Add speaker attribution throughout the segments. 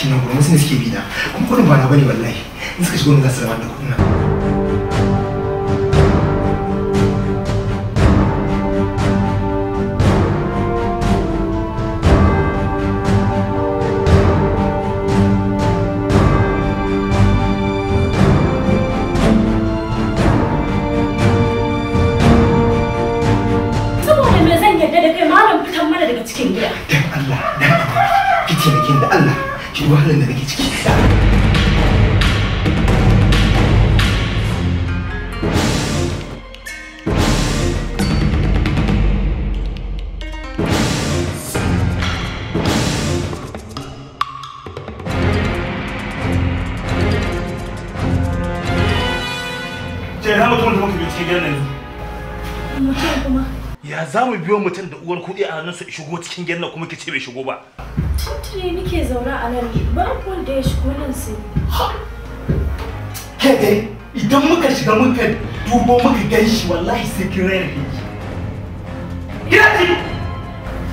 Speaker 1: suke nan gurin wasu ne suke bi na kuma kuɗin ba na bane wallahi in suka shigo ne za su da kuɗin za mu biyo mutum da uwar kuɗi a hannunsa ya shigo cikin gidan kuma ki ce bai shigo ba
Speaker 2: ne nike zaune a nan ba kun da ya shigo nan sai
Speaker 1: Ke dai idan muka shiga muka dubo muka gan shi wallahi sai kin rayar da shi.
Speaker 3: gidaji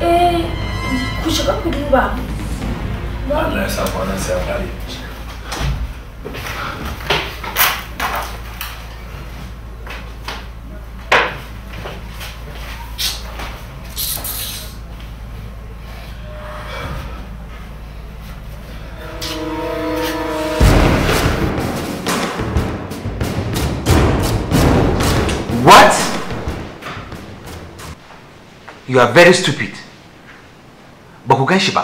Speaker 3: eh ku shiga ku duba Allah
Speaker 4: ya sa kwanan sai ya kare
Speaker 1: you are very stupid ba ku gan shi ba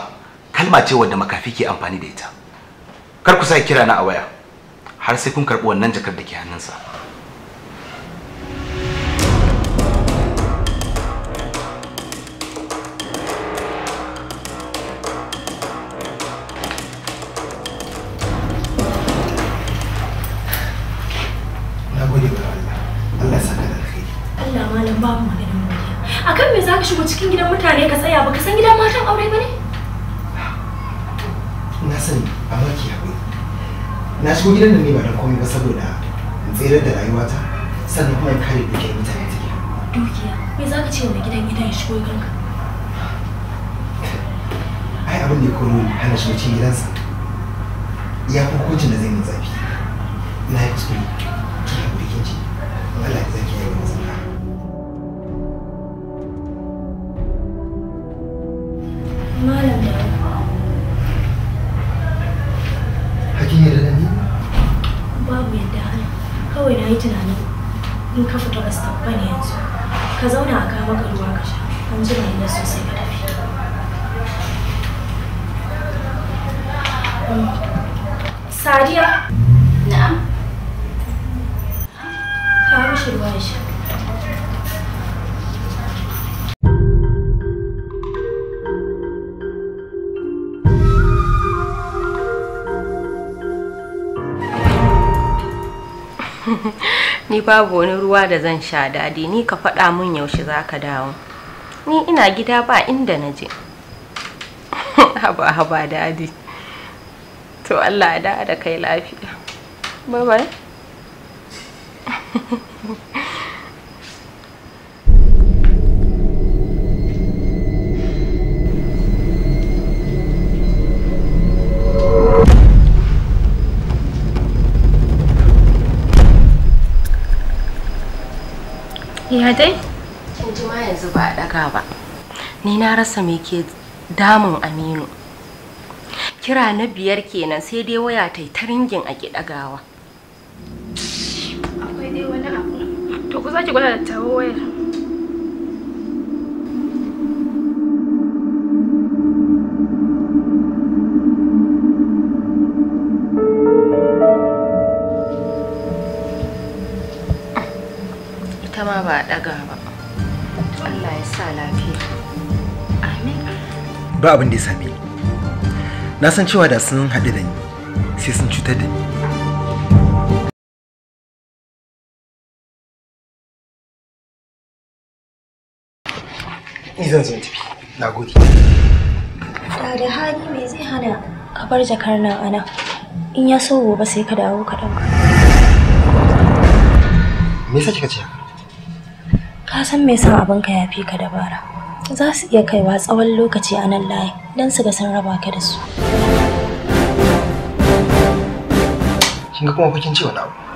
Speaker 1: kalma ce wadda makafi ke amfani da ita kar ku sa kira na a waya har sai kun karɓi wannan jakar da ke hannunsa
Speaker 2: cikin gidan mutane ka tsaya ba ka san gidan matan aure ba ne?
Speaker 1: Na sani amma ki haƙuri. Na shigo gidan nan ne ba don komai ba saboda tsere da rayuwata sannan kuma in kare dukiyar mutane take.
Speaker 2: Dukiya? Me za ka ce wa gidan gidan ya shigo gidanka?
Speaker 1: Ai abin da ya koro hana shi cikin gidansa. Ya fi hukuncin da zai yi zafi. Na yi kuskure.
Speaker 2: na yi tunanin in ka fito a stabba ne yanzu ka zauna a kawo maka ruwa ka sha
Speaker 5: an ji mai na sosai ka tafi
Speaker 2: hmm. sadiya na'am
Speaker 5: ka mishi ruwa ya sha
Speaker 2: ni babu wani ruwa da zan sha dadi ni ka faɗa mun yaushe za ka dawo ni ina gida ba inda na je haba haba dadi to allah da da kai lafiya bye bye Ya dai? Kin ji ma yanzu ba a ɗaga ba. Ni na rasa me ke damun Aminu. Kira na biyar kenan sai dai waya ta ta ringin a ki ɗagawa. Akwai dai wani abu. To ku gwada da tawo wayar. ba daga ba. Allah ya sa
Speaker 3: lafiya.
Speaker 1: Amin. Ba abin da ya same ni. Na san
Speaker 6: cewa da sun haɗu da ni sai sun cutar da ni. Ni zan zo tafi. Na gode. Da da hali me zai
Speaker 2: hana ka bar jakar nan ana. In ya so gobe sai ka dawo ka ɗauka.
Speaker 1: Me yasa kika ce haka?
Speaker 5: Ka san me abin abinka ya fi ka dabara. Za su iya kaiwa tsawon lokaci a nan layi don su ga sun raba ka da su.
Speaker 1: Kin ga kuma kukin ce wani abu.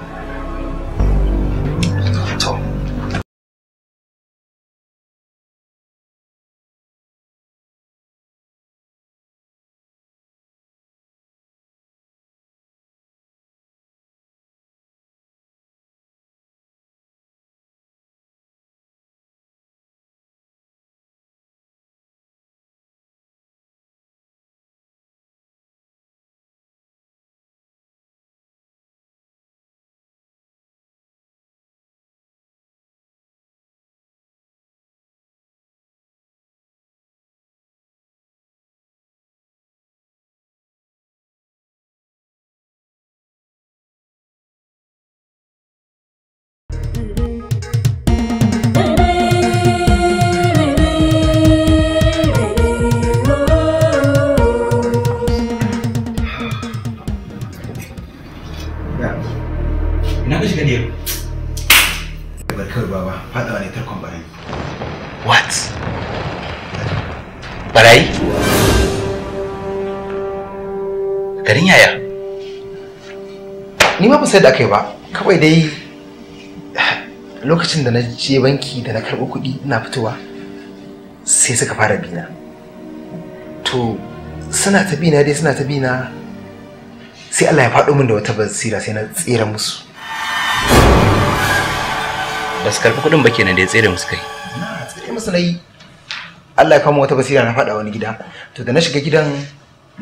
Speaker 1: sai da kai ba kawai dai lokacin da na je banki da na karɓi kuɗi ina fitowa sai suka fara bina to suna ta bina dai suna ta bina sai Allah ya faɗo min da wata basira sai na tsira musu ba su karɓi kuɗin ba kenan da ya tsere musu kai na tsere musu na yi Allah ya kama wata basira na faɗa wani gida to da na shiga gidan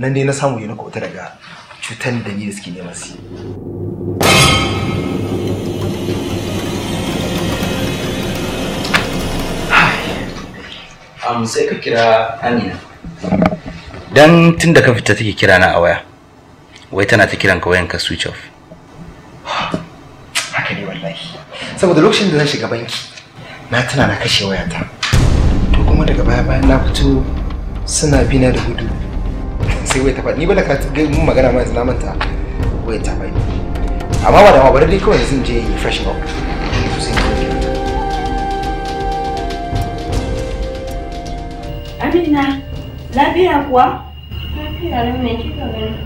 Speaker 1: nan dai na samu ne na ta daga cutar da ni da suke nema su um, sai ka kira amina dan tun da ka fita take kira na a waya wai tana ta kiran ka wayan ka switch off haka ne wallahi saboda lokacin da na shiga banki na tana na kashe wayata to kuma daga baya bayan na fito suna bina da gudu sai wai ta faɗi ni ba da ka mun magana ma yanzu na manta wai ta faɗi amma ba da ma bari dai kawai yanzu je yi
Speaker 4: fashin up
Speaker 3: Amina, lafiya kuwa? Lafiya ne mai kika gani?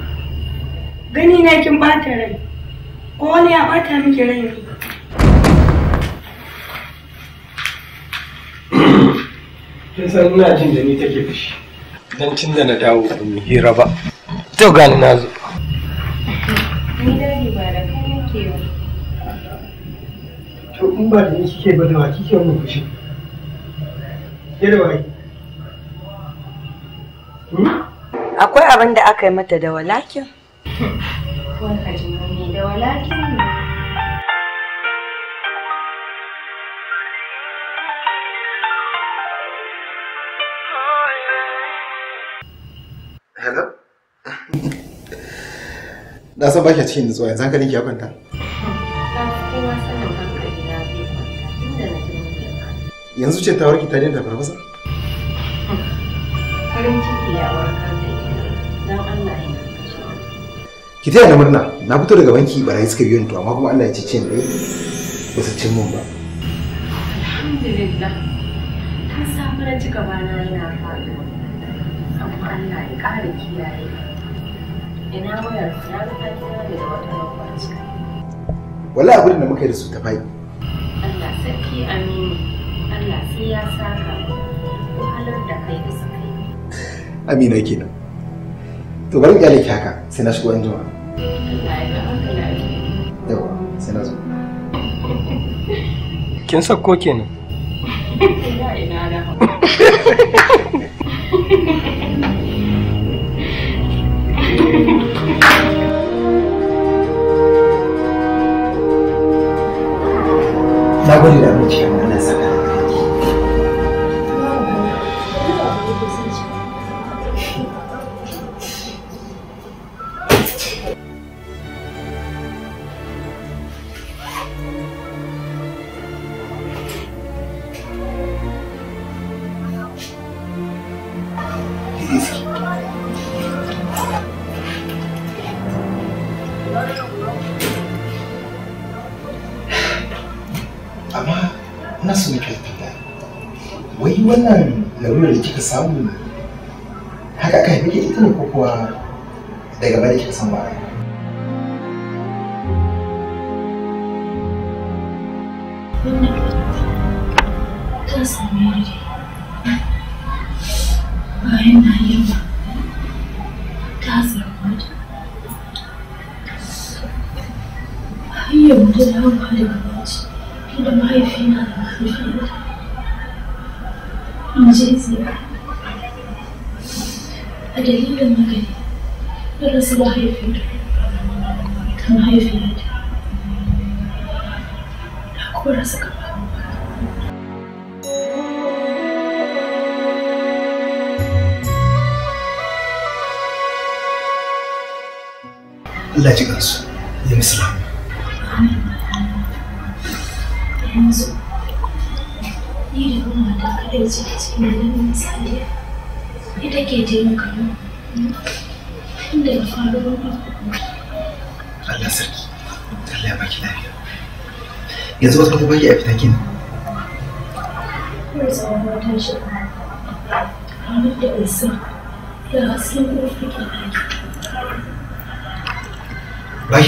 Speaker 3: Gani na kin bata rai. Ko wani ya bata miki rai ne?
Speaker 1: Kin san ina jin da ni take fushi. don tun da na dawo ba mu hira ba to gani na zo
Speaker 2: ni dadi ba da kai nake
Speaker 1: to in ba da ni kike ba da wa kike mu fushi ke da wai
Speaker 3: hmm? akwai abin da aka yi mata da walakin wani da walakin
Speaker 1: na san ba ki cikin nutsuwa yanzu hankalin ki ya kwanta yanzu ce tawar ki ta daina farfasa
Speaker 4: farin ciki ya warkar da ita don Allah ya
Speaker 1: ki taya murna na fito daga banki barayi suka biyo ni to amma kuma Allah ya cin ɗaya
Speaker 4: ba su cin mun ba
Speaker 2: alhamdulillah ta samu na cika bana yana faɗo amma Allah ya ƙara kiyaye Ina da wata
Speaker 1: Wala abin da muka yi da su ta fai.
Speaker 2: Allah sarki aminu. Allah sai ya saka wahalar da kai da suka yi.
Speaker 1: Amina nan. To bari kyale ki haka sai na shigo an jima.
Speaker 3: Allah ya
Speaker 1: Yawa sai na zo. Kin sako kenan.
Speaker 3: Ina ina da.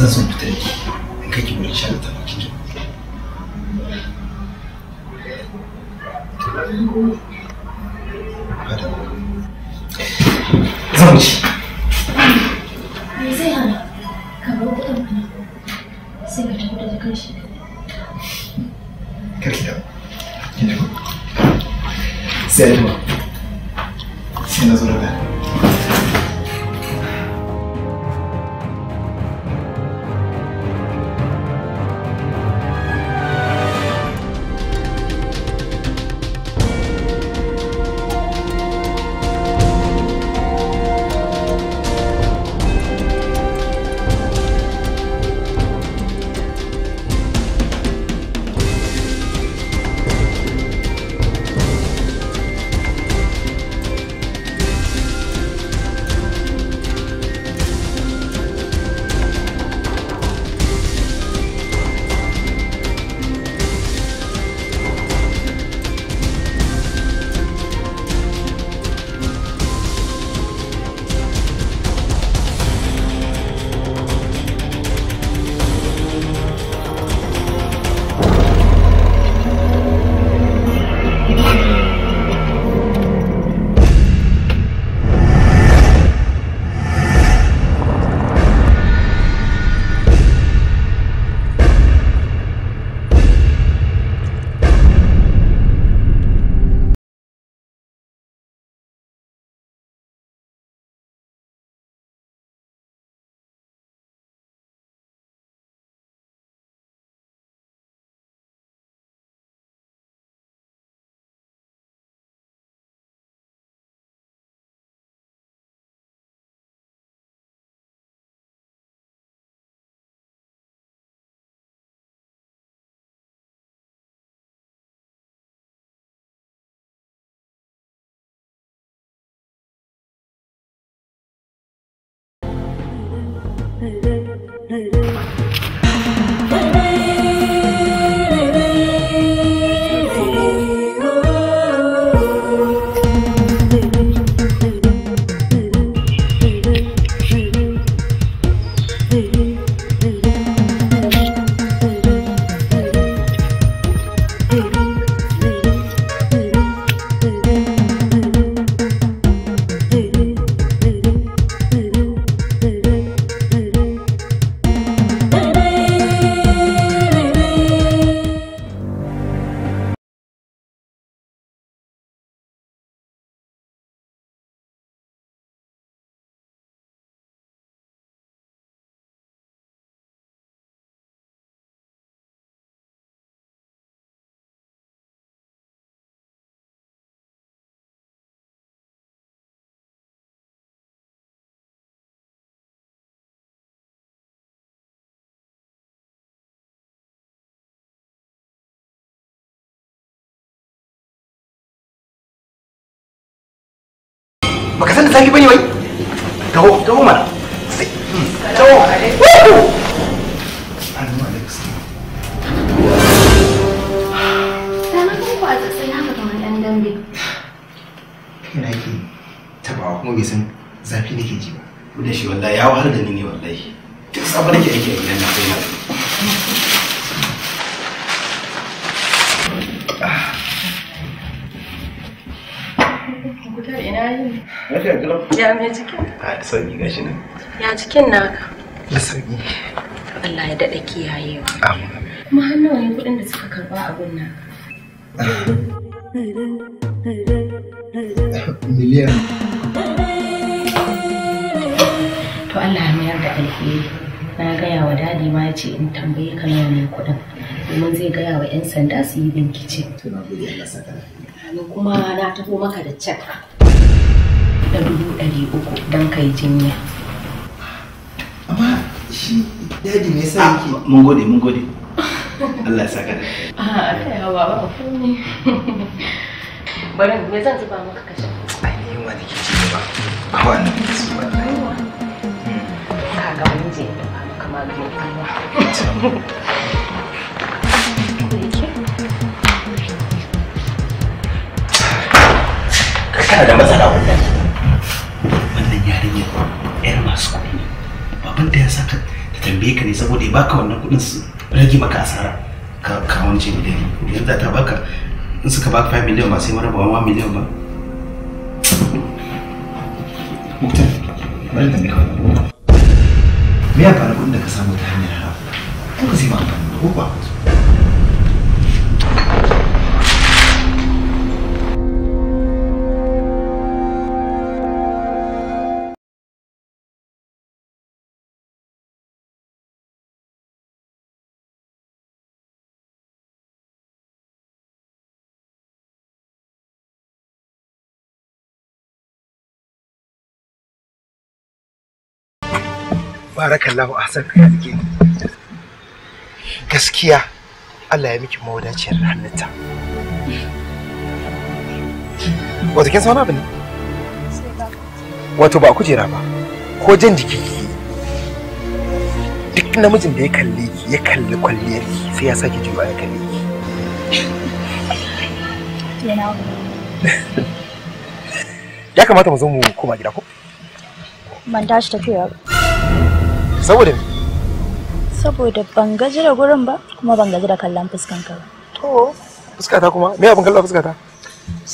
Speaker 1: Zan so fita da ke in kai ki gurin share ta bakin jama'a.
Speaker 6: Hey, hey, hey, hey. zaki bane wai kawo taho mana
Speaker 4: hmm, tabawa kuma bai san zafi nake ji ba da shi
Speaker 1: wallahi ya wahal da ni ne wallahi duk sabon ke aiki a gidan na sai na lafiya galau.
Speaker 2: Ya me jikin?
Speaker 1: da sauki gashi nan.
Speaker 2: Ya jikin naka? Da sauki. Allah ya daɗa Amin. Kuma har nawa ne kuɗin da suka karɓa a gun nan? Miliyan. To Allah ya mayar da alheri. Na gaya wa dadi ma ya ce in tambaye ka nawa ne kuɗin. Domin zai gaya wa 'yan sanda su yi bincike. Tuna Allah saka. Kuma na taho maka da cek. da don ka yi jinya
Speaker 1: amma shi sa yake ah, mun gode mun gode Allah ya saka a kai ah, hawa ba ne bari me zan zuba maka ai ni da ci ba wannan ka ga
Speaker 4: mun je kamar da matsala wannan masu ne da ya saka
Speaker 1: ta tambaye ka ne saboda ya baka wannan kuɗin su rage maka asara ka ka wance miliyan yadda ta baka in suka baka 5 miliyan ba sai mara 1 ba Muktar, bari da mika wani Me ya faru kuɗin da ka samu ta hanyar haramu? ka sai ma amfani da ko
Speaker 6: barakallahu ahsan ka ni gaskiya
Speaker 1: Allah ya miki mawadaciyar hannunta wato kin sauna bane wato ba kujera ba ko jan jiki duk namijin da ya kalle ki ya kalli kwalliyar ki sai ya sake juya ya kalle ki ya kamata mu zo mu koma gida ko
Speaker 5: Man tashi tafiya
Speaker 1: saboda me
Speaker 2: saboda ban gaji da gurin ba kuma ban gaji da kallon fuskan ka ba
Speaker 1: to fuskata kuma me abin kallon fuskata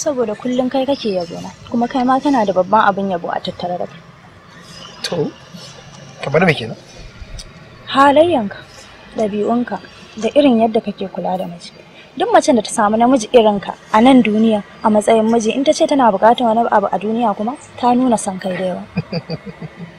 Speaker 2: saboda kullum kai kake yabo na kuma kai ma kana da babban abin yabo a tattare da kai
Speaker 1: to bar me kenan
Speaker 2: halayyanka ɗabi'unka da irin
Speaker 5: yadda kake kula da miji duk macen da ta samu namiji irin ka a nan duniya a matsayin miji in
Speaker 6: ta ce tana bukatar wani abu a duniya kuma ta nuna son kai da yawa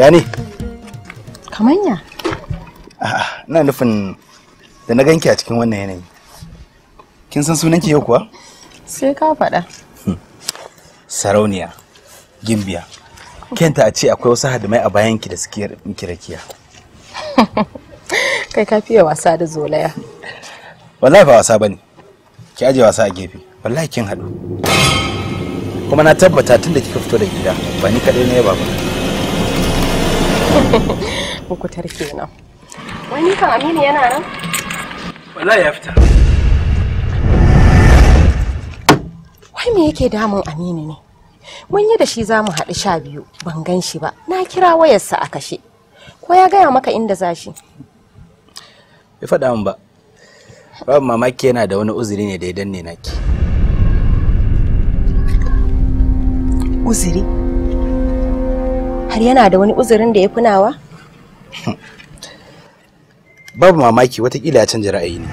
Speaker 1: ya ne kamanya a'a na nufin da na ganki a cikin wannan yanayi kin san sunanki yau kuwa
Speaker 2: sai ka faɗa hmm.
Speaker 1: sarauniya gimbiya kenta a ce akwai wasu hadimai a bayanki da suke miki rakiya
Speaker 2: kai ka fiye wasa da zolaya
Speaker 1: wallahi ba wasa bane ki aje wasa a gefe wallahi kin haɗu kuma na tabbata tun da kika fito da gida ba ni kaɗai ne ba ba Bukutar kenan.
Speaker 2: Wani kan Aminu yana nan? Wallahi ya fita. Wai me yake damun Aminu ne? Mun yi da shi za mu haɗu sha biyu ban gan shi ba. Na kira wayarsa a kashe. Ko ya gaya maka inda za shi?
Speaker 1: Bai faɗa min ba. Babu mamaki yana da wani uzuri ne da ya danne naki.
Speaker 2: Uzuri? har yana da wani uzurin da ya kunawa
Speaker 1: Babu mamaki watakila ya canja ra'ayi ne.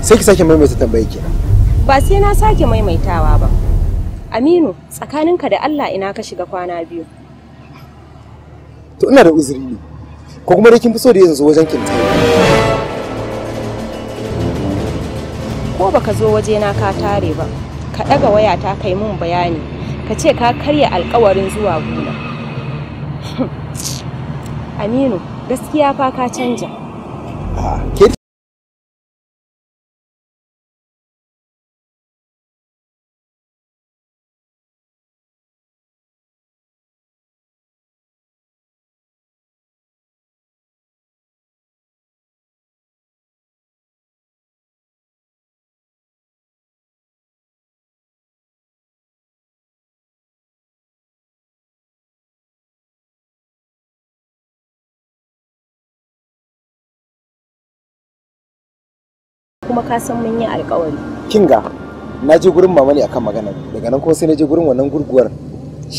Speaker 1: sai ki sake maimaita tambayi kenan
Speaker 2: ba sai na sake maimaitawa ba aminu tsakaninka da allah ina ka shiga kwana biyu
Speaker 1: to ina da uzuri ne ko kuma dai kin fi so da yanzu wajen kin
Speaker 2: ko baka zo waje na ka tare ba ka ɗaga ta kai mun bayani ka ce ka karya alkawarin zuwa gona
Speaker 6: aminu gaskiya fa ka canja kuma ka san mun yi alkawari kinga na je gurin mama ne akan magana daga nan kuma sai na je
Speaker 1: gurin wannan gurguwar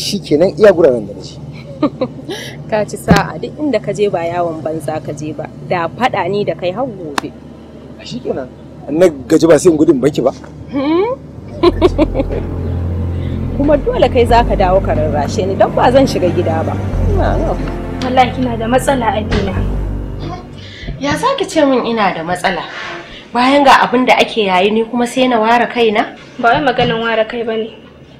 Speaker 1: shikenan iya guraren da nace
Speaker 2: ka ci sa'a duk inda ka je ba yawon banza ka je ba da fada ni da kai har gobe a shikenan
Speaker 1: na gaji ba sai in gudun baki ba
Speaker 2: hmm? kuma dole kai zaka dawo ka rarrashe ni don ba zan shiga gida ba wallahi kina da matsala abina ya zaki ce min ina da matsala bayan ga abin da ake yayi ni kuma sai na ware kaina ba wai maganin ware kai bane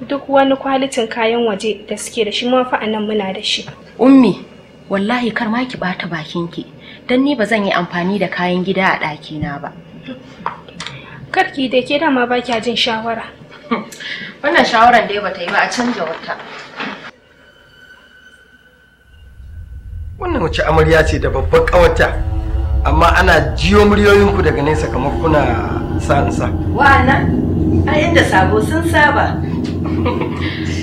Speaker 2: duk wani kwalitin kayan waje da suke da shi mafi fa anan muna da shi ummi wallahi kar ma ki bata bakinki dan ni ba zan yi amfani da kayan gida a daki na ba karki da ke dama ba kya jin shawara wannan shawaran dai bata yi ba a canja wata
Speaker 1: wannan wace amarya ce da babbar ƙawata amma ana jiyo muryoyinku daga nesa kamar kuna sa'ansa
Speaker 3: wa'annan a inda sabo sun saba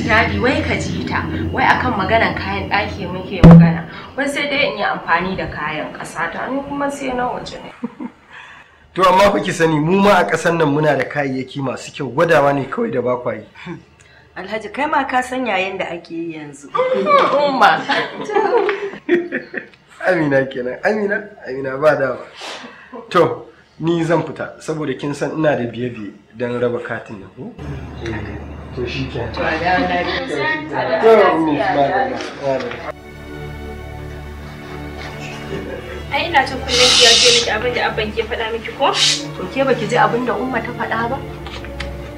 Speaker 2: dadi wai ka ji ta wai akan maganan kayan ɗaki muke magana wai sai dai in yi amfani da kayan ƙasa ta ni kuma sai na waje ne
Speaker 1: to amma kuke sani mu ma a ƙasar nan muna da kayayyaki masu kyau gwadawa ne kawai da bakwai.
Speaker 3: Alhaji kai ma ka san yayin da ake yi yanzu.
Speaker 1: amina kenan amina amina ba dama to ni zan fita saboda kin san ina da biye biye don raba katin na ku to shi ke to
Speaker 2: ai ina cin kullum ki yarje miki abin da abban ke faɗa miki ko to ke baki ji abin da umma ta faɗa ba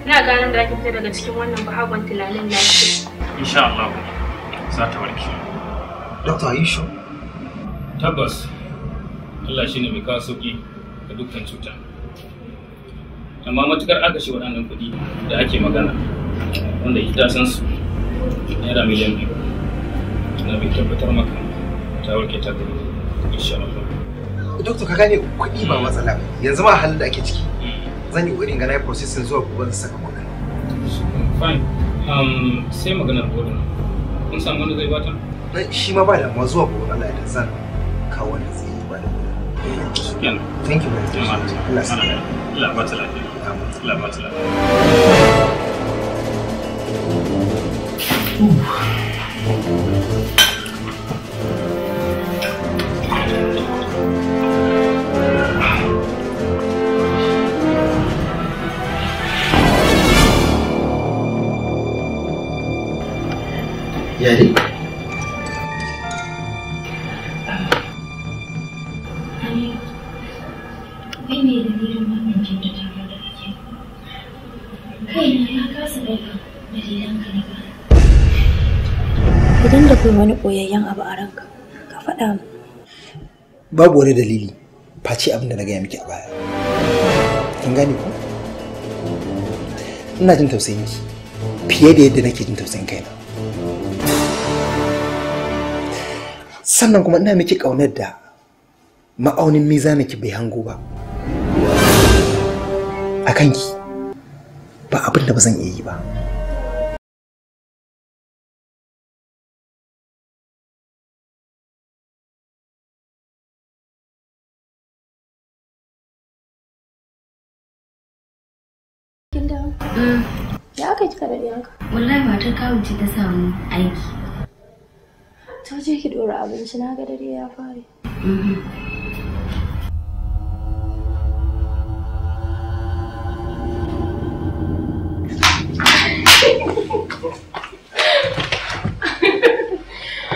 Speaker 2: ina ganin da kike fita daga cikin wannan bahagon tilalin
Speaker 1: lafiya insha Allah za ta warke doctor Aisha you tabbas Allah shi ne mai kawo sauƙi ga dukkan cuta amma matukar aka shi waɗannan kuɗi da ake magana wanda ita san su naira miliyan biyu na bi tabbatar maka ta warke ta gari insha Allah doktor ka gane kuɗi ba matsala yanzu ma halin da ake ciki mm. zan yi wurin gana processing zuwa gobe da saka kuɗi fine um, sai maganar gordon kun samu wanda zai bata shi ma ba damuwa zuwa gobe Allah ya zan kawo wannan sai ba da kuɗi thank you very much Allah
Speaker 5: wani ɓoyayyen abu a ranka ka faɗa mu
Speaker 1: babu wani dalili face abin da na gaya miki a baya kin gane ko ina jin tausayin ki fiye da yadda nake jin tausayin kaina sannan kuma ina miki ƙaunar da ma'aunin mizanaki bai hango ba
Speaker 6: a kanki ba abin da ba zan iya yi ba biyan wallahi
Speaker 4: matar kawun ce ta samu aiki
Speaker 5: ki dora abinci na ga dare ya
Speaker 4: fare mhm.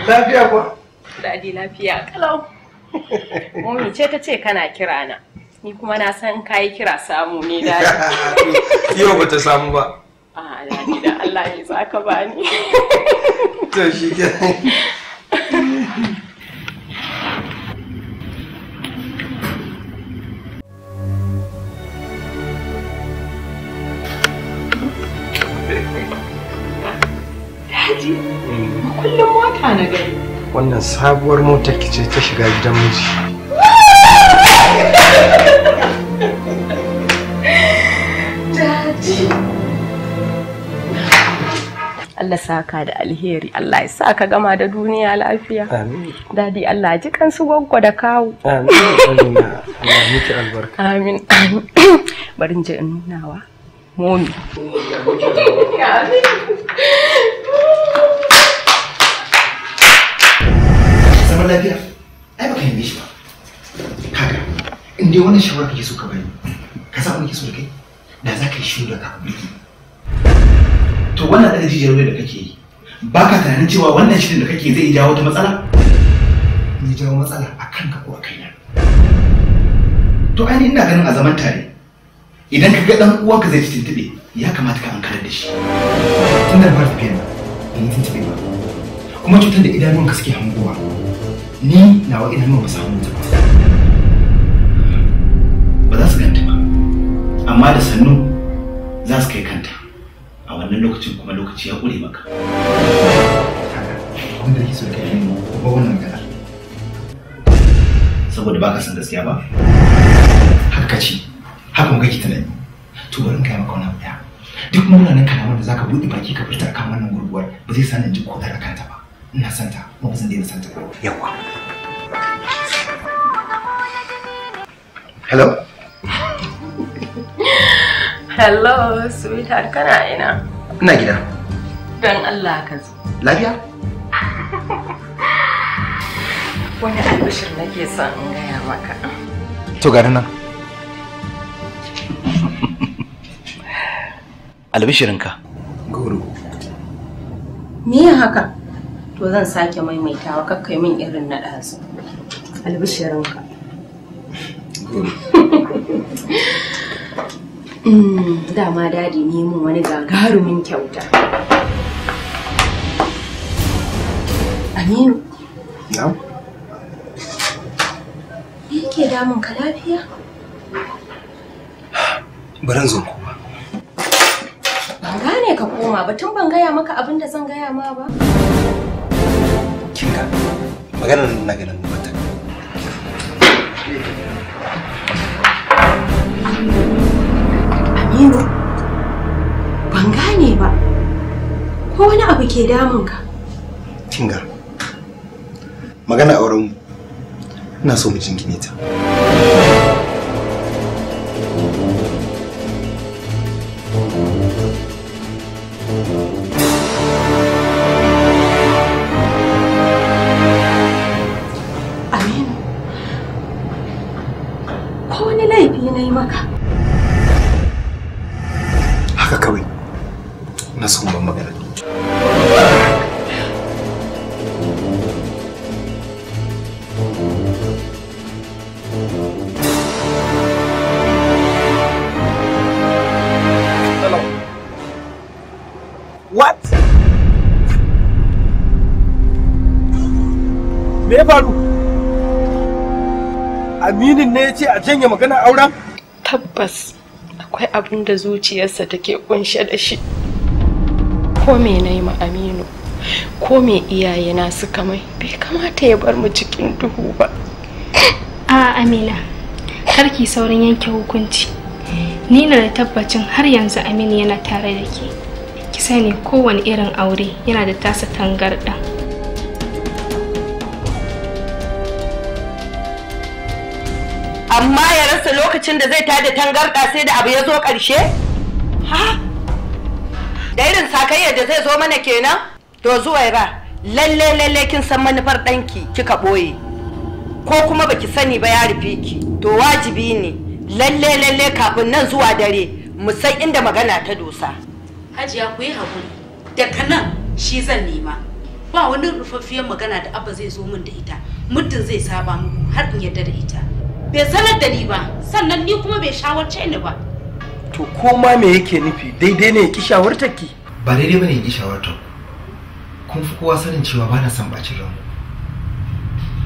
Speaker 1: Lafiya kuwa?
Speaker 2: Dadi lafiya kalau. Mummy ce ta ce kana kira na. Ni kuma na san kayi kira samu ne dadi.
Speaker 1: Yau samu ba.
Speaker 2: a ni da Allah ya zaka bani
Speaker 1: to shi ke
Speaker 4: Daji, mm. kullum mota na gari.
Speaker 1: Wannan sabuwar mota kice ta shiga gidan miji.
Speaker 2: Allah saka da alheri Allah ya saka gama da duniya lafiya dadi Allah ji kansu gwaggwa da kawo amin amin je in nunawa
Speaker 3: momi
Speaker 1: zaman lafiya ai baka yi shi ba kaga in dai wannan shawara kake so ka bani ka san abin kake so da kai da za ka yi shiru da to wannan da jijiyar wayar da kake yi ba ka tunanin cewa wannan shirin da kake zai jawo wata matsala ya jawo matsala a kan ka ko a kaina to ai ina ganin a zaman tare idan ka ga dan uwanka zai ci tuntube ya kamata ka ankarar da shi tun da bar tafiya da yi tuntube ba kuma cutar da idanunka suke hanguwa ni nawa idanun ba su hangu ba za su ganta ba amma da sannu za su kai kanta a wannan lokacin kuma lokaci ya ƙure maka wanda ke so kai ba wannan magana saboda baka san gaskiya ba haka ce haka muka ki tunani to bari kai maka wani daya duk munanan kalaman da ka buɗe baki ka furta kan wannan gurguwar ba zai sanin ji ko da kanta ba ina santa kuma ba zan daina santa yawa hello
Speaker 2: Hello, sweetheart, kana ina? Ina gida. Don Allah ka zo. Lafiya? Wani
Speaker 3: albishir nake son in gaya maka.
Speaker 1: To gani nan. Albishirinka. Goro.
Speaker 2: Me ya haka? To zan sake maimaitawa kakkai min irin na ɗazu. Albishirinka. Goro. Mm, dama dadi ne mun wani gagarumin kyauta. Aminu. Na? Me yake damun ka lafiya?
Speaker 1: Baran zan koma.
Speaker 2: Ban gane ka koma ba tun ban gaya maka abin da zan gaya ma ba.
Speaker 1: Kin Kinga, maganar na ganin
Speaker 2: Aminu, ban gane ba, ko wani abu ke damun ka?
Speaker 1: Kinga, magana auren mu, ina so mu jingine ta.
Speaker 2: Aminu, ko wani laifi na yi maka?
Speaker 1: ne ya ce a janye magana auren? Tabbas
Speaker 2: akwai abin da zuciyarsa take kunshe da shi. Ko me na yi Aminu, ko me iyaye na suka mai bai kamata ya bar mu cikin duhu ba. A Amina, karki saurin yanke hukunci. Ni na da tabbacin har yanzu Aminu yana tare da ke. Ki sani kowane irin aure yana da tasa tangarɗa.
Speaker 3: amma ya rasa lokacin da zai tada tangarɗa sai da abu ya zo ƙarshe? Ha? Da irin sakayya da zai zo mana kenan? To zuwa ba, lalle lalle kin san manufar ɗanki kika ɓoye. Ko kuma baki sani ba ya rufe ki, to wajibi ne, lalle lalle kafin nan zuwa dare, mu san inda magana ta dosa.
Speaker 2: Hajiya ku yi haƙuri, daga nan shi zan nema. Ba wani rufaffiyar magana da abba zai zo min da ita, muddin zai saba mu har in yarda da ita. bai sanar da ni ba sannan ni kuma bai shawarce ni ba
Speaker 1: to ko ma me yake nufi daidai ne ya ki shawartar ki ba daidai bane ya ki shawartar kun fi kowa sanin cewa ba na son bacin ranku.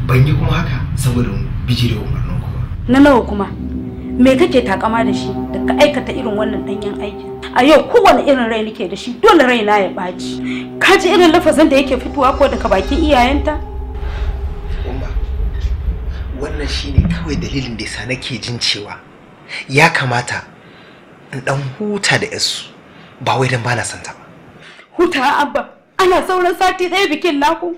Speaker 1: ban yi kuma haka saboda da umarnin ku
Speaker 2: ba. na nawa kuma me kake takama da shi da ka aikata irin wannan danyen aiki a yau kowane irin rai nake da shi dole raina ya baci ka ji irin lafazin da yake fitowa ko daga bakin iyayenta
Speaker 1: wannan shine kawai dalilin da yasa nake jin cewa ya kamata in dan huta da yasu ba wai dan bana santa ba huta abba
Speaker 6: ana sauran sati ɗaya bikin naku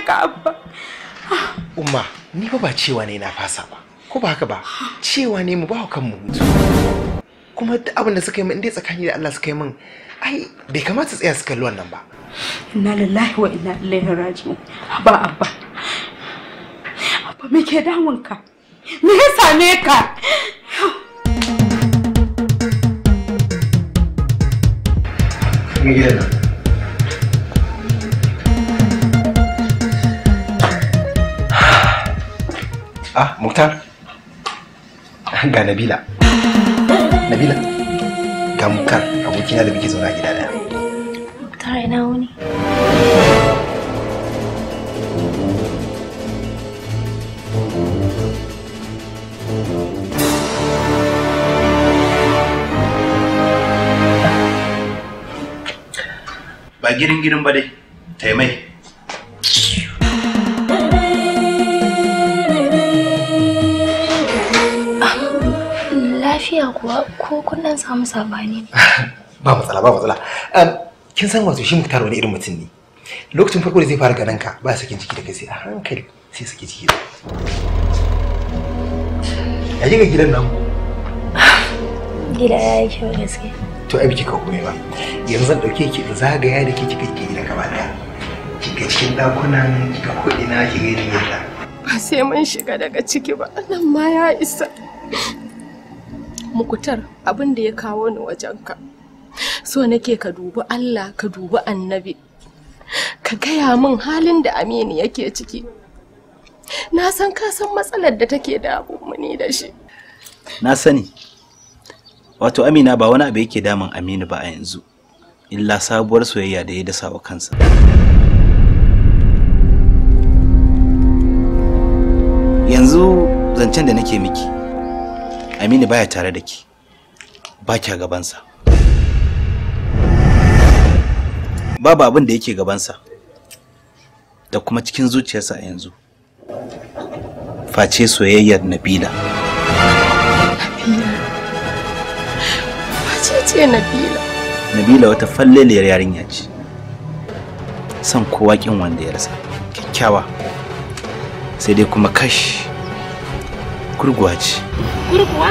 Speaker 6: ka abba umma ni ba ba
Speaker 1: cewa ne na fasa ba ko ba haka ba cewa ne mu ba kanmu mutu kuma duk abin da suka yi min dai tsakani da Allah suka yi min ai bai kamata tsaya su kalli wannan ba inna lillahi wa inna ilaihi raji'un ba abba abba me ke
Speaker 2: damun ka me ya same ka
Speaker 4: Miguel.
Speaker 1: ah muktar ga nabila nabila ga muktar abokina da muke zauna a gida daya muktar ina wuni ba girin girin ba dai taimai
Speaker 5: lafiya kuwa ko kun samu sabani ne?
Speaker 1: Ba matsala ba matsala. Kin san wato shi Muktar wani irin mutum ne. Lokacin farko da zai fara ganin ka ba sakin ciki da kai sai a hankali sai saki ciki. Ya ji ga gidan nan. Gida ya
Speaker 5: yi kyau gaske.
Speaker 1: To ai biki ka komai ba. Yanzu zan dauke ki in zagaya da ke kika ke gidan gaba daya. Kika cikin dakunan kika kudi na kika yi yadda
Speaker 2: Ba sai mun
Speaker 1: shiga daga ciki ba.
Speaker 2: Nan ma ya isa. mukutar abin da ya kawo ni wajenka so nake ka dubi allah ka dubi annabi ka gaya min halin da aminu yake ciki na san ka san matsalar da take da ni da shi
Speaker 1: na sani wato amina ba wani abu yake damun aminu ba a yanzu illa sabuwar soyayya da ya dasa wa kansa yanzu zancen da nake miki Aminu baya tare da ki. Ba kya gabansa. Babu abin da yake gabansa. Da kuma cikin zuciyarsa a yanzu. Face soyayyar Nabila. Nabila.
Speaker 2: ce Nabila?
Speaker 1: Nabila wata falleliyar yarinya ce. San kowa kin wanda ya rasa. Kyakkyawa. Sai dai kuma kashi. kurguwa ce
Speaker 2: kurguwa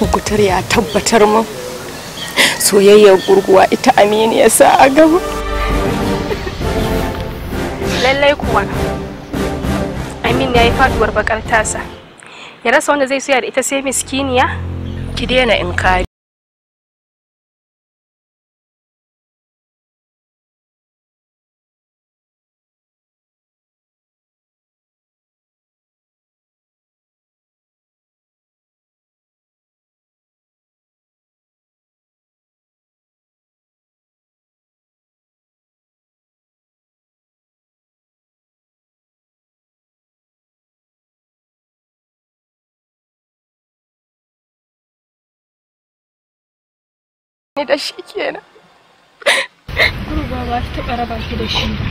Speaker 2: mugutar ya tabbatar min soyayyar gurguwa ita aminu ya sa a gaba lallai kuwa
Speaker 6: aminu ya yi faduwar bakar tasa ya rasa wanda zai soya da ita sai miskiniya ki daina inkari ne da shi kenan ba ta taɓa ba ki da shi ba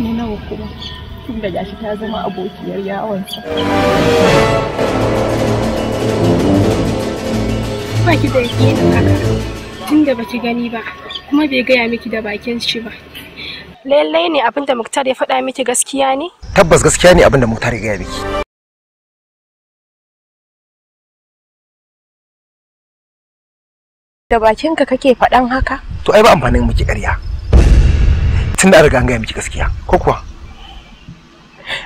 Speaker 6: ni nawa
Speaker 2: kuma tun da gashi ta zama abokiyar yawonsa ba ki da yake da haka tun da baki gani ba kuma bai gaya miki da bakin shi ba lallai ne abinda muktar ya faɗa
Speaker 6: miki gaskiya ne tabbas gaskiya ne abinda muktar ya gaya miki da bakinka kake faɗan haka? To ai ba amfanin miki ƙarya. Tun da riga an gaya miki gaskiya, ko kuwa?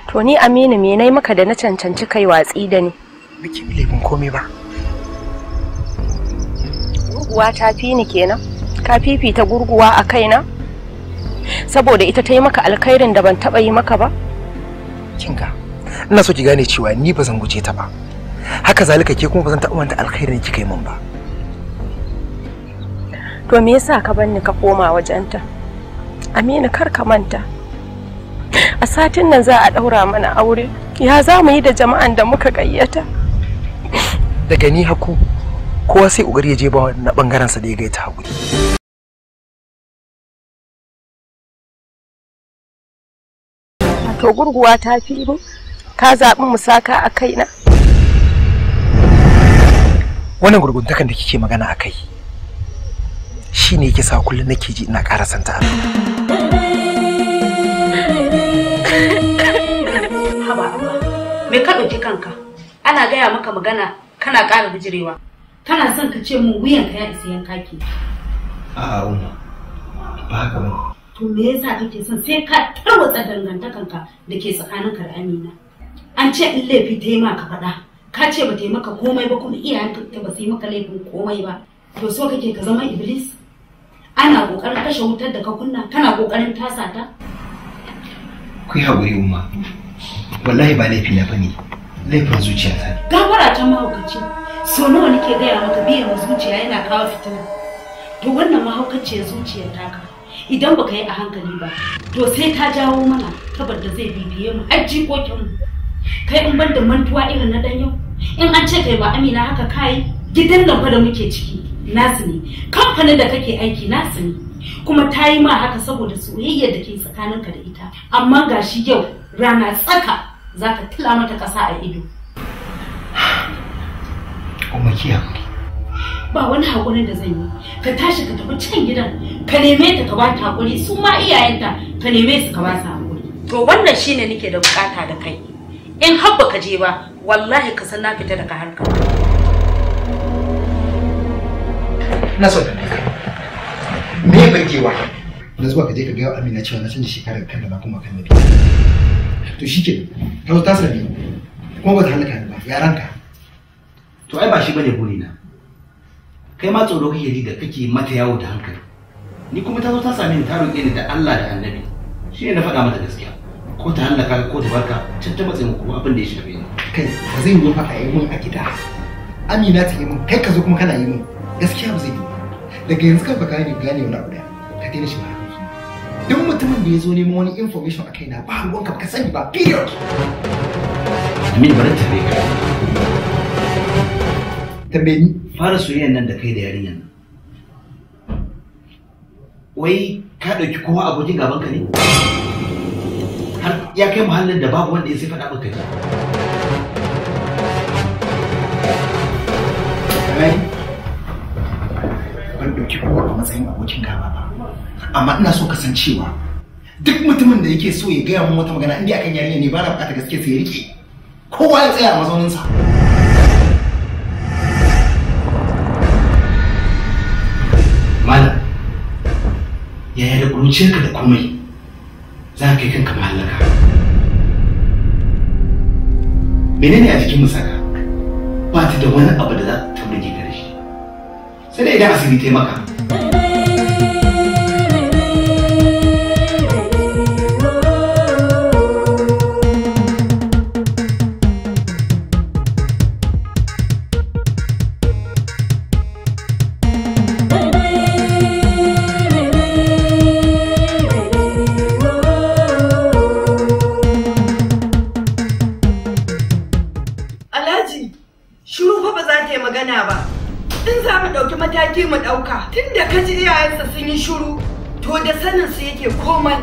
Speaker 2: To ni Aminu me nayi maka da na cancanci kai watsi da ni?
Speaker 1: miki bi laifin komai ba.
Speaker 2: Gurguwa ta fi ni kenan. Ka fifita gurguwa a kaina? Saboda ita ta yi maka alkhairin da ban taɓa
Speaker 1: yi maka ba? Kinga, ina so ki gane cewa ni ba zan guje ta ba. Haka zalika ke kuma ba zan taɓa manta alkhairin da kika yi min ba.
Speaker 2: to me yasa ka banni ka koma wajenta aminu kar ka manta a satin nan za a ɗaura mana aure ya za mu yi da jama'an da muka gayyata
Speaker 6: daga ni haku kowa sai ugar ya je ba na sa da ya gaita haƙuri to gurguwa ta fi mu ka zaɓi musaka a kaina
Speaker 1: wannan gurguntakan da kike magana a kai shine yake sa kullum nake ji ina ƙara santa
Speaker 2: haba me ka ɗauki kanka ana gaya maka magana kana ƙara bijirewa kana son ka ce mu wuyan ka ya isa yanka ke
Speaker 4: a'a umma ba haka ba
Speaker 2: to me yasa kake son sai ka tarwatsa dangantakanka da ke tsakaninka da Amina an ce in laifi ta yi maka faɗa ka ce ba ta yi maka komai ba kuma iyayenka ba su yi maka laifin komai ba to so kake ka zama iblis ana kokarin kashe wutar da ka kunna kana kokarin tasa ta
Speaker 1: ku yi haƙuri umma wallahi ba laifi na bane laifin zuciya ta
Speaker 2: gabara ta mahaukaci so nawa nake gaya maka biyan zuciya yana kawo fitina to wannan mahaukaciyar zuciyar taka idan baka yi a hankali ba to sai ta jawo mana kabar da zai bibiye mu har jikokin mu kai in ban da mantuwa irin na danyo in an ce kai ba amina haka kai gidan nan fa da muke ciki nasu ne kamfanin da kake aiki nasu kuma ta yi ma haka saboda soyayyar da ke tsakaninka da ita amma ga shi yau rana tsaka za ka tila mata ƙasa a ido
Speaker 4: kuma ki hakuri
Speaker 2: ba wani hakuri da zan yi ka tashi ka tafi can gidan ka neme ta ka ba ta hakuri su ma iyayenta ka neme su ka ba su hakuri to wannan shine nake da bukata da kai in habba ka je ba wallahi ka san na fita daga harkar
Speaker 1: na so da kai me burgewa na zuwa ka je ka ga Amina cewa na canza shekarar kan da ba kuma kan nabi to shike ta zo ta sani kuma ba ta halaka ba yaranka to ai ba shi bane na kai ma tsoro kake ji da kake mata yawo da hankali ni kuma ta zo ta sami ni ta roƙe ni da Allah da Annabi shi ne na faɗa mata gaskiya ko ta hallaka ko ta barka can ta matsayin kuma abin da ya shafe ni kai ba zai yi fa a yi mun a gida Amina ta yi mun kai ka zo kuma kana yi mun gaskiya ba zai yi daga yanzu kan baka ne gane wani abu da ka daina shi ba duk mutumin da ya zo neman wani information a kaina ba ruwan ka sani ba period Amin bari ta ka tambaye ni fara soyayyar nan da kai da yarinyar nan wai ka dauki kowa abokin gaban ka ne har ya kai muhallin da babu wanda ya sai faɗa maka ne kan ɗauki kowa a matsayin abokin gaba ba amma ina so kasancewa duk mutumin da yake so ya gaya mun wata magana inda akan yarinya ne ba na buƙatar gaske sai ya rike kowa ya tsaya a mazauninsa malam yaya da kuruciyarka da komai za ka yi kanka mahallaka menene a jikin musaka ba ta da wani abu da za ta burge sai dai idan asiri ta maka
Speaker 4: Alhaji,
Speaker 3: shiru fa ba za ta yi magana ba. in za mu ɗauki mataki mu ɗauka tun da ka ji iyayensa sun yi shiru to da saninsu yake komai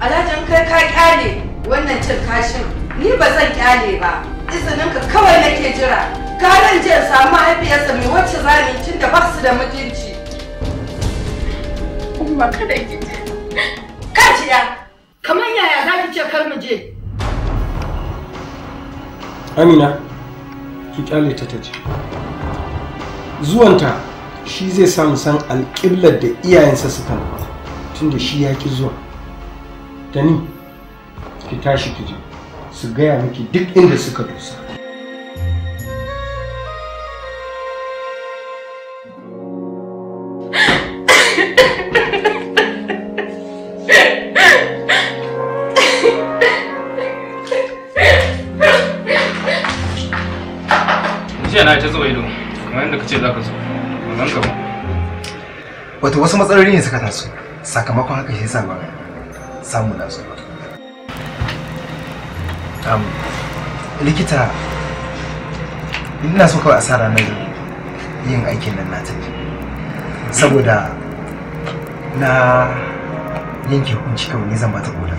Speaker 3: alhajin kai ka kyale wannan cin kashin ni ba zan kyale ba Izinin ka kawai nake jira karan je samu mahaifiyarsa mai wacce za mu tun da ba su da mutunci umma kada ki je ka ji ya kamar yaya za ki ce kar mu je
Speaker 1: amina ki kyale ta ta ce. zuwanta shi zai samu san alƙiblar da iyayensa suka nufa tunda shi ya ki zuwa ta ni ki tashi ki je su gaya miki duk inda suka dosa wasu matsaloli ne suka taso sakamakon haka shi yasa ba samu nasu. ba likita ina so kawai a sa ranar yin aikin nan nata saboda na yanke hukunci kawai ne zan bata gobe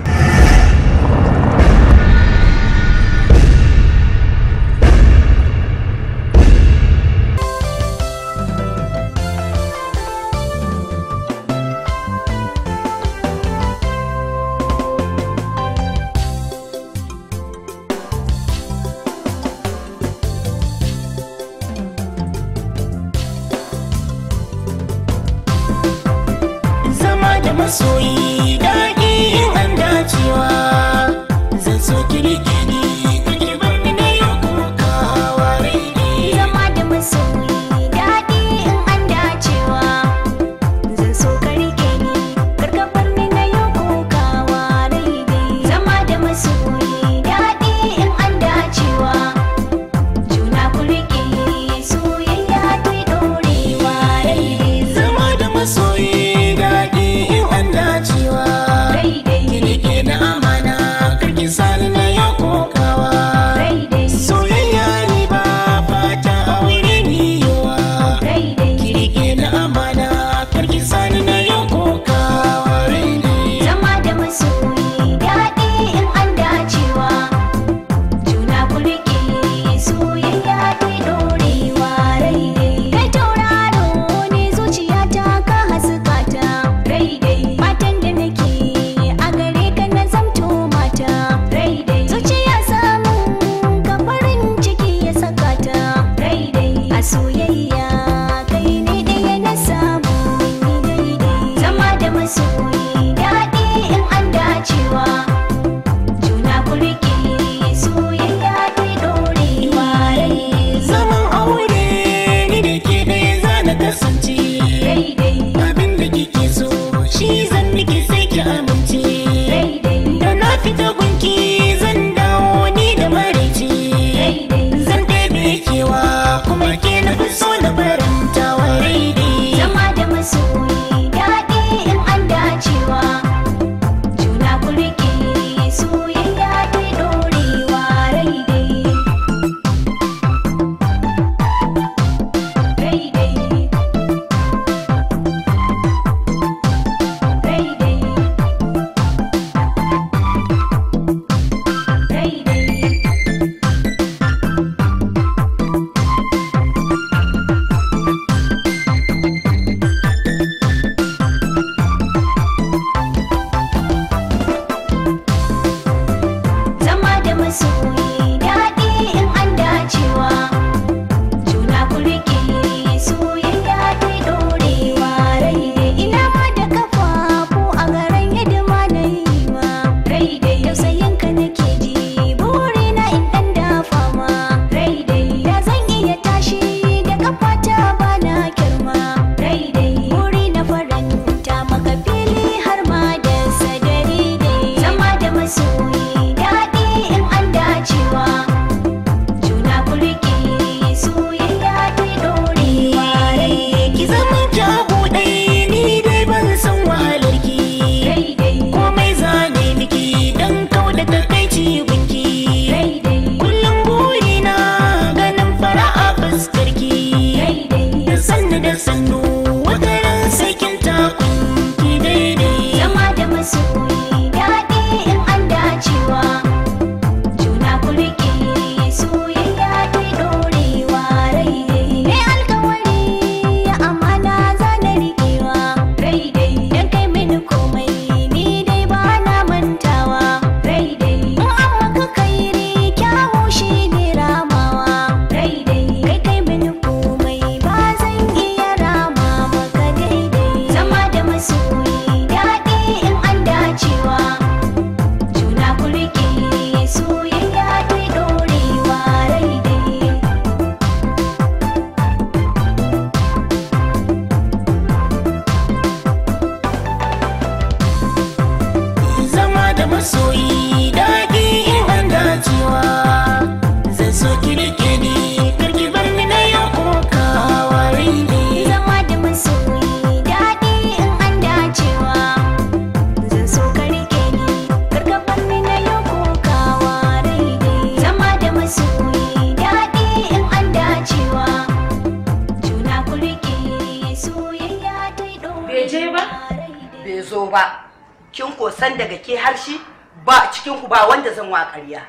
Speaker 3: san daga ke har shi ba cikin ku ba wanda zan wa ƙarya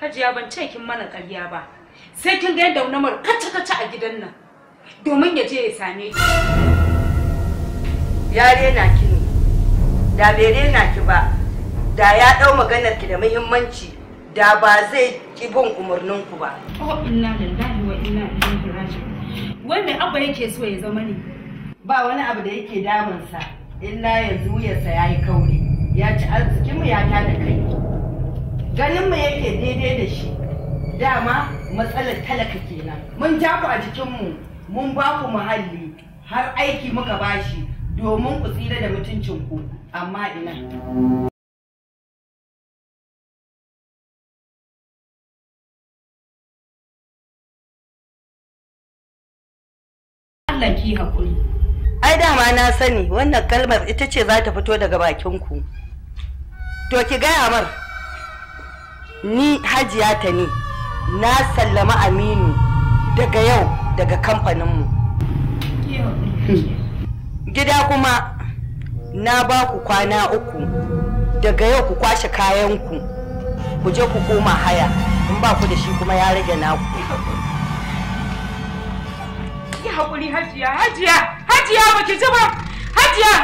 Speaker 2: hajiya ban ce kin mana ƙarya ba
Speaker 3: sai kin ga yadda namar kacce kacce a gidan nan
Speaker 2: domin ya je ya same ki
Speaker 3: ya rena ki ne da bai rena ki ba da ya ɗau maganar ki da muhimmanci da ba zai ki bin umarninku ba oh inna lillahi wa inna ilaihi
Speaker 4: raji'un
Speaker 3: wanda abba yake so ya zama ne ba wani abu da yake damunsa illa ya saya sa yayi kauri ya ci arzikinmu ya ta da kai ganinmu yake daidai da shi dama matsalar talaka kenan mun ja ku a jikinmu mun ba ku muhalli har aiki muka bashi domin ku
Speaker 6: tsira da mutuncinku amma ina Allah ki ai dama na sani wannan
Speaker 3: kalmar ita ce za ta fito daga bakin ku. to ki gaya mar ni hajiya ta ne na sallama aminu daga yau daga kamfaninmu hmm. gida kuma na ba ku kwana uku daga yau ku kwashe kayanku ku je ku koma haya in ba ku da shi kuma ya rage naku
Speaker 2: ki haƙuri hajiya hajiya hajiya ba ki ji ba hajiya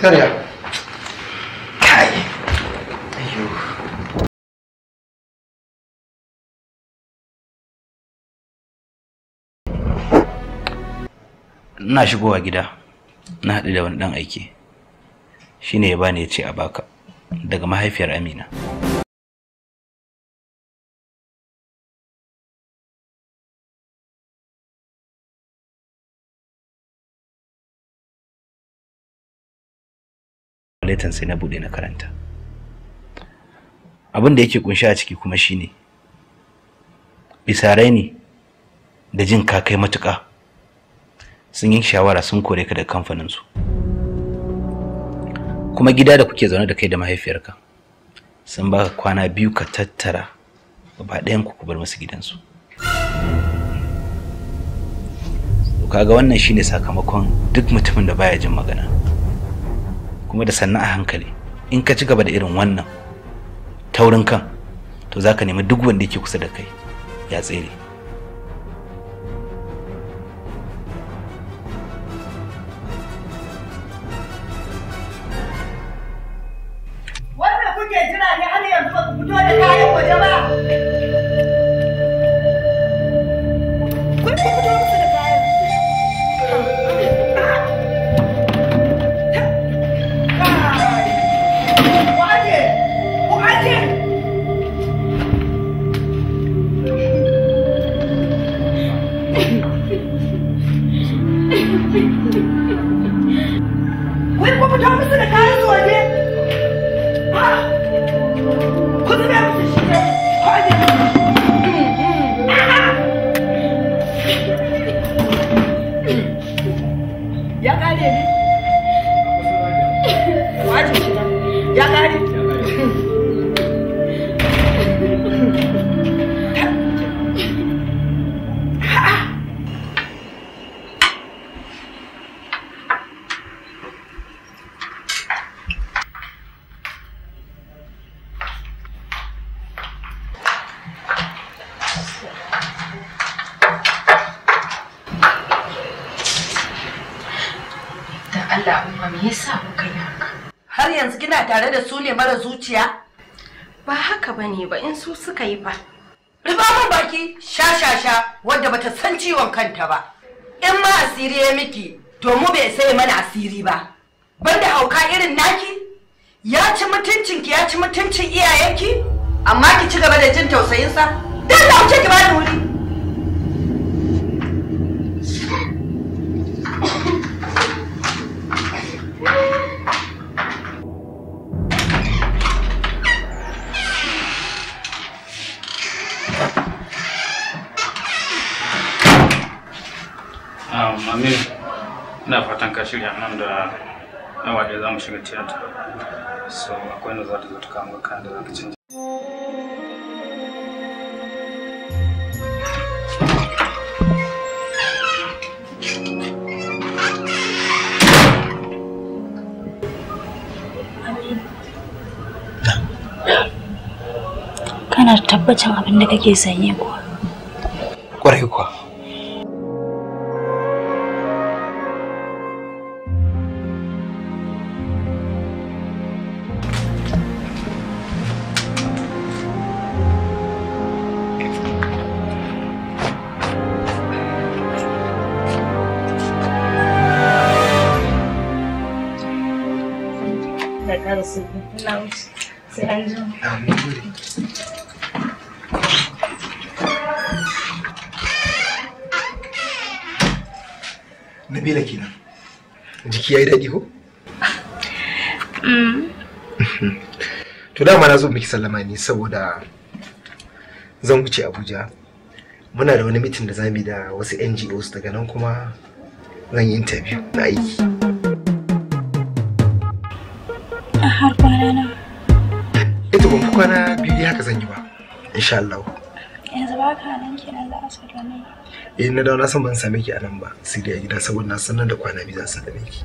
Speaker 4: karya kai
Speaker 6: ina shigowa gida na haɗu da wani ɗan aiki shi ne ya bani ya ce a baka daga mahaifiyar amina letan sai na bude na karanta abin da yake kunshi a ciki kuma shine
Speaker 1: bisa ne da jin ka kai matuƙa sun yi shawara sun kore ka da kamfanin su kuma gida da kuke zaune da kai da mahaifiyarka sun ba kwana biyu ka tattara ba ɗayan ku bar musu gidansu kaga wannan shine sakamakon duk mutumin da baya jin magana kuma da sannan a hankali in ka ci gaba da irin wannan taurin kan to za ka nemi duk wanda yake kusa da kai ya tsere
Speaker 3: su suka yi ba. rufa baki sha sha sha wadda bata san ciwon kanta ba in ma asiri ya miki to mu bai sai mana asiri ba
Speaker 6: banda hauka irin
Speaker 3: naki ya ci mutuncinki ya ci mutuncin iyayenki amma ki ci gaba da jin tausayinsa dan lauce ki bani wuri
Speaker 1: katika shule ya nanda na n'abahereza amushigatiyato so akwenda zote zatuzo kanda kandi zakichinja
Speaker 5: kana tabbacin abin da kake sanye kuwa
Speaker 1: jiki yayi daɗi ko?
Speaker 4: Mm. To dama na zo
Speaker 1: miki sallama ne saboda zan wuce Abuja. Muna da wani mitin da zamu da wasu NGOs daga nan kuma zan yi interview na aiki.
Speaker 4: Har kwana na.
Speaker 1: Ita ban fi kwana biyu dai haka zan yi ba. Insha Allah.
Speaker 4: Yanzu ba ka nan kenan za a sallame.
Speaker 1: Eh na dawo na san ban same ki a nan ba. Sai dai a gida saboda na sanar da kwana biyu za su sallame ki.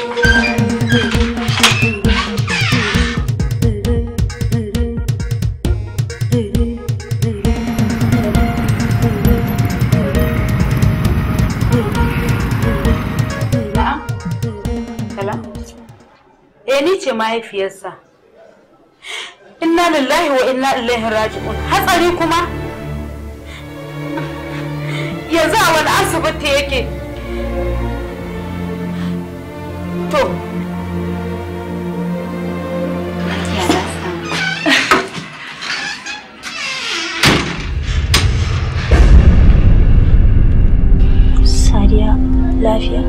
Speaker 2: mahaifiyarsa inna lillahi wa inna ilaihi raji'un hatsari kuma yanzu a wani asibiti yake
Speaker 4: to
Speaker 5: lafiya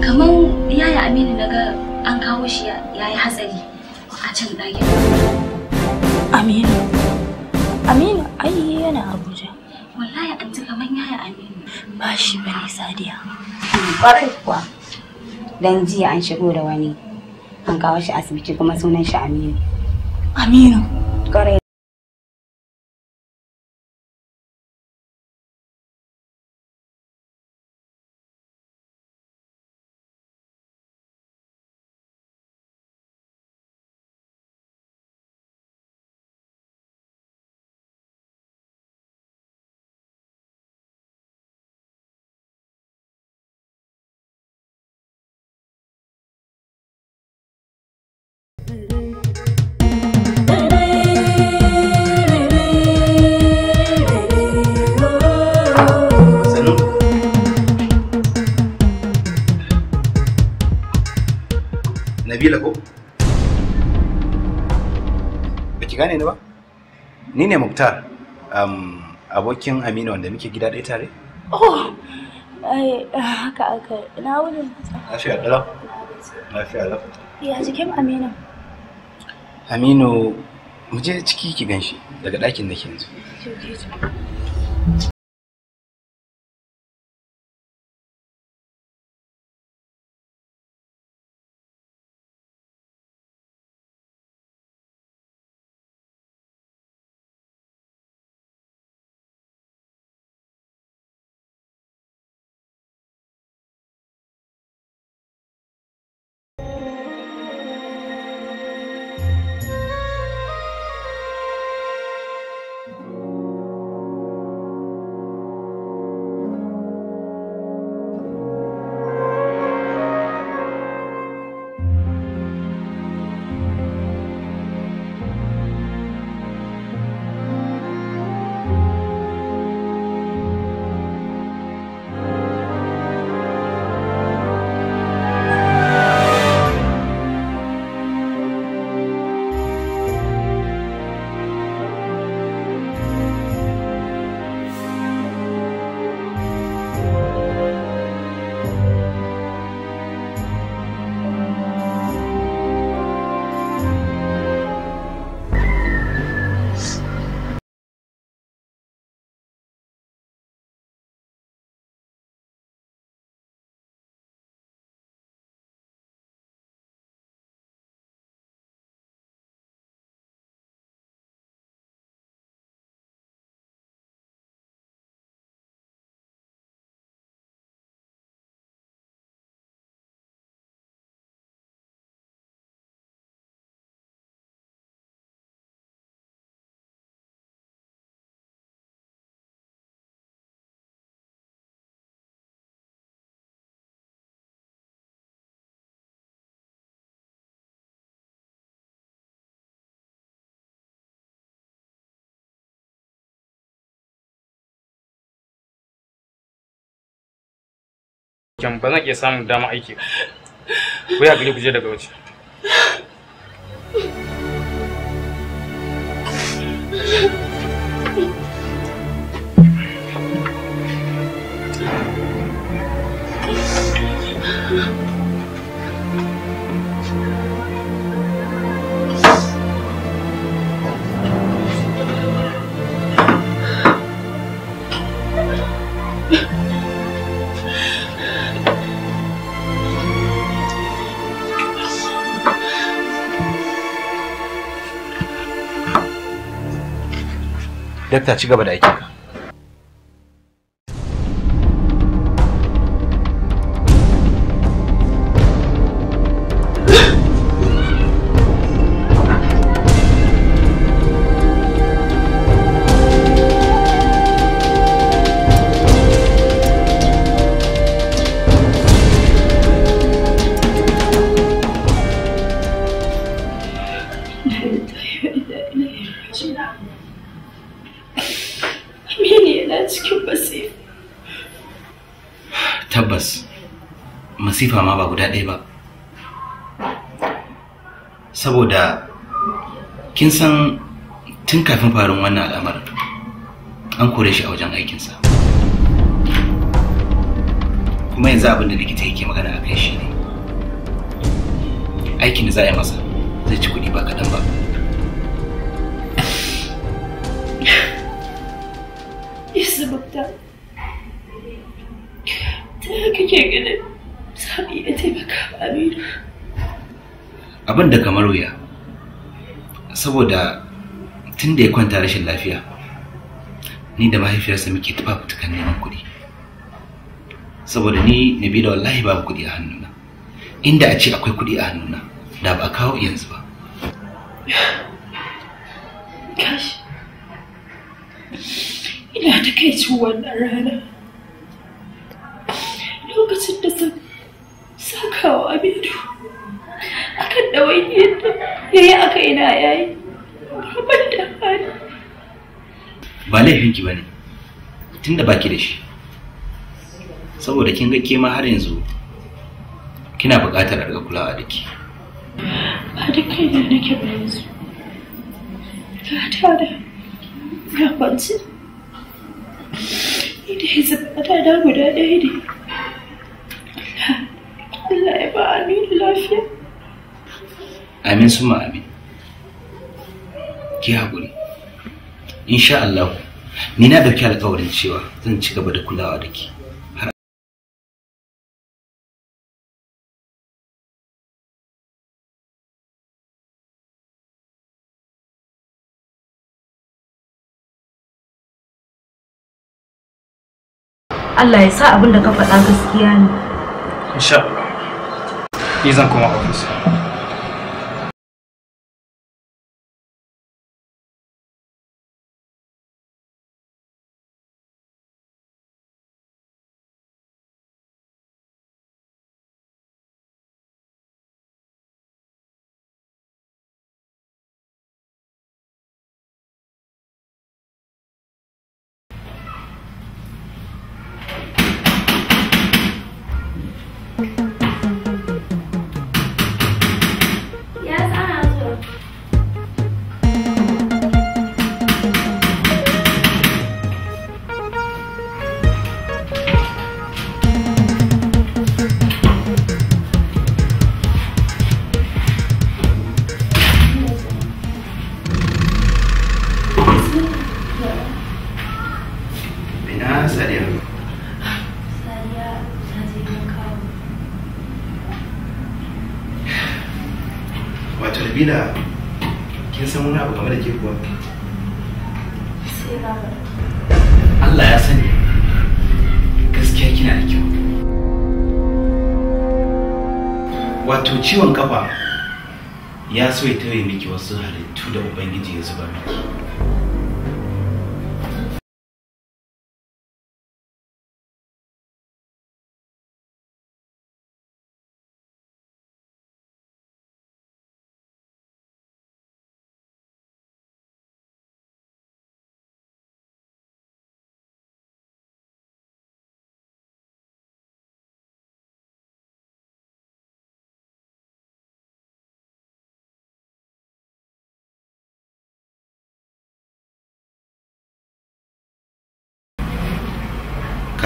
Speaker 5: kamar yaya aminu naga an kawo shi ya yi hatsari ɗakin.
Speaker 2: Aminu. Aminu
Speaker 5: ai yana Abuja. Wallahi an ji yaya Aminu. Ba shi ba ne Sadiya. Ƙwarai kuwa. Dan jiya an shigo da wani. An kawo shi asibiti
Speaker 6: kuma sunan shi Aminu. Aminu. Ƙwarai.
Speaker 1: Nabila ko? baki gane ni ba? Ni ne Muktar, um, abokin Aminu wanda muke gida ɗaya tare?
Speaker 2: Oh, ai, haka aka ina wurin.
Speaker 1: Lafiya ɗalau? Lafiya lau.
Speaker 2: Ya jikin Aminu?
Speaker 6: Aminu, muje ciki ki ganshi daga ɗakin da ke yanzu. kyan ba zan iya samun dama aiki ku ya gari ku je daga waje Thank you.
Speaker 4: dakta ci
Speaker 1: gaba da ka. tun farin wannan al'amarin an kore shi a wajen aikinsa kuma yanzu abin da likita yake magana a kai shi ne aikin da za a yi masa zai ci kuɗi ba kaɗan ba
Speaker 2: Yesu babta ta kake ganin sabi iya taimaka amina
Speaker 1: abin da kamar wuya saboda tun da ya kwanta rashin lafiya ni da mahaifiyarsa muke tufa fitukan neman kuɗi saboda ni na bi da wallahi babu kuɗi a hannuna inda a ce akwai kuɗi a hannuna da ba a kawo yanzu ba
Speaker 2: ina ta kai wannan rana lokacin da zan sakawa abidu akan ɗawainiyar yadda ya yi a kaina yayi
Speaker 1: ba laifinki ba ne da baki da shi saboda kin ga kema har yanzu kina buƙatar a kulawa da ke
Speaker 2: ba da kai na nake ba yanzu ta da ya kwanci ni da ya zaba ta da guda ɗaya ne Allah ya ba ni lafiya
Speaker 1: amin suma amin ki hakuri insha Allah
Speaker 6: ni na dauki alƙawarin cewa zan ci gaba da kulawa da ki Allah ya sa abin da ka faɗa gaskiya ne. Insha Allah. Ni zan koma ofis.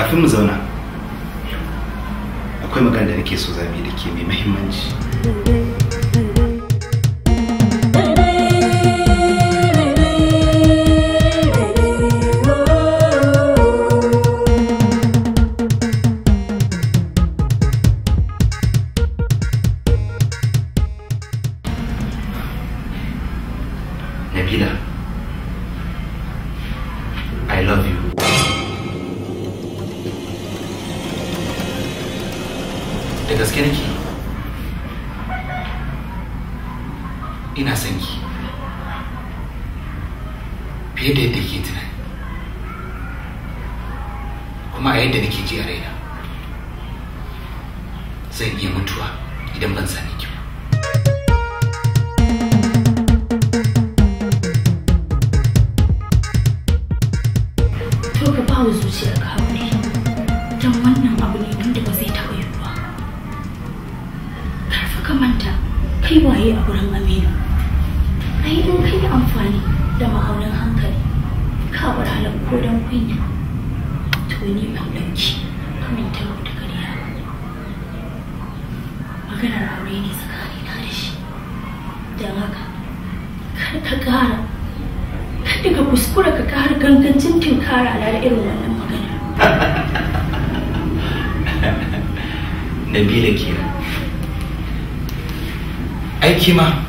Speaker 6: kafin mu zauna
Speaker 1: akwai magana da nake so zami da ke mai muhimmanci hikmah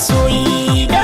Speaker 4: soy